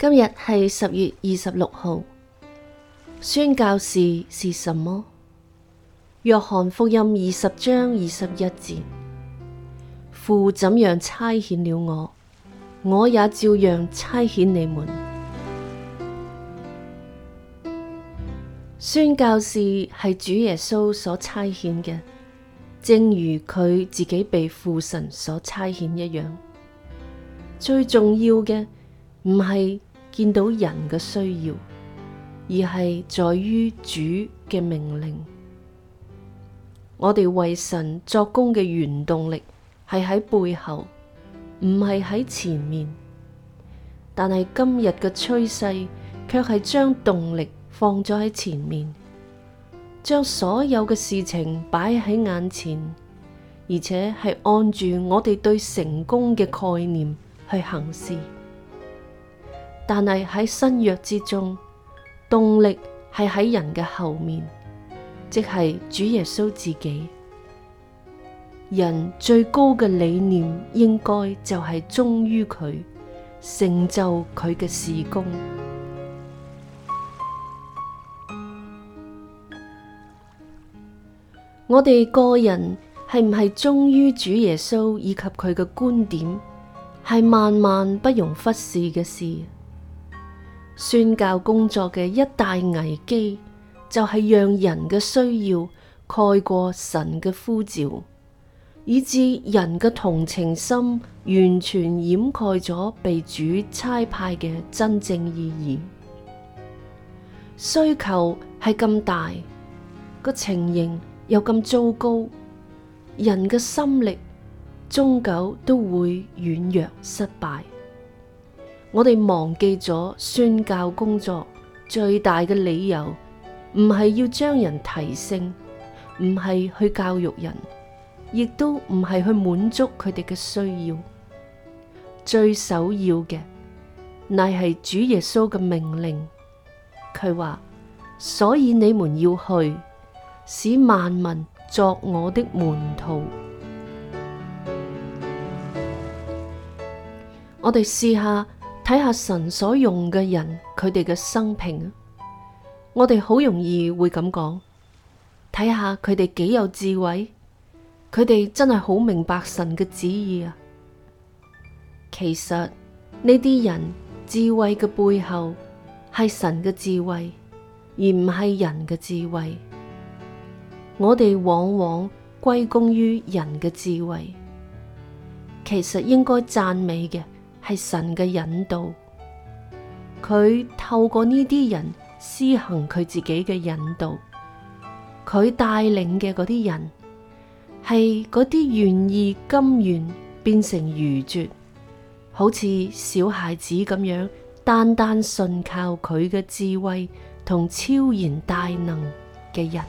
今日係十月二十六號。宣教士是什麼？約翰福音二十章二十一節，父怎樣差遣了我，我也照樣差遣你們。宣教士係主耶穌所差遣嘅，正如佢自己被父神所差遣一樣。最重要嘅唔係見到人嘅需要，而係在於主嘅命令。我哋為神作工嘅原動力係喺背後，唔係喺前面。但係今日嘅趨勢，卻係將動力放咗喺前面，將所有嘅事情擺喺眼前，而且係按住我哋對成功嘅概念去行事。但係喺新約之中，動力係喺人嘅後面，即係主耶穌自己。人最高嘅理念應該就係忠於佢，成就佢嘅事工。 我哋個人係唔係忠於主耶穌以及佢嘅觀點，係萬萬不容忽視嘅事。宣教工作嘅一大危機，就係、是、讓人嘅需要蓋過神嘅呼召，以致人嘅同情心完全掩蓋咗被主差派嘅真正意義。需求係咁大，個情形又咁糟糕，人嘅心力終究都會軟弱失敗。我哋忘記咗宣教工作最大嘅理由，唔係要將人提升，唔係去教育人，亦都唔係去滿足佢哋嘅需要。最首要嘅，乃係主耶穌嘅命令。佢話：「所以你們要去，使萬民作我的門徒。」我哋試下。睇下神所用嘅人，佢哋嘅生平，我哋好容易會咁講，睇下佢哋幾有智慧，佢哋真係好明白神嘅旨意啊。其實呢啲人智慧嘅背後係神嘅智慧，而唔係人嘅智慧。我哋往往歸功於人嘅智慧，其實應該讚美嘅。係神嘅引導，佢透過呢啲人施行佢自己嘅引導，佢帶領嘅嗰啲人，係嗰啲願意甘願變成愚拙，好似小孩子咁樣，單單信靠佢嘅智慧同超然大能嘅人。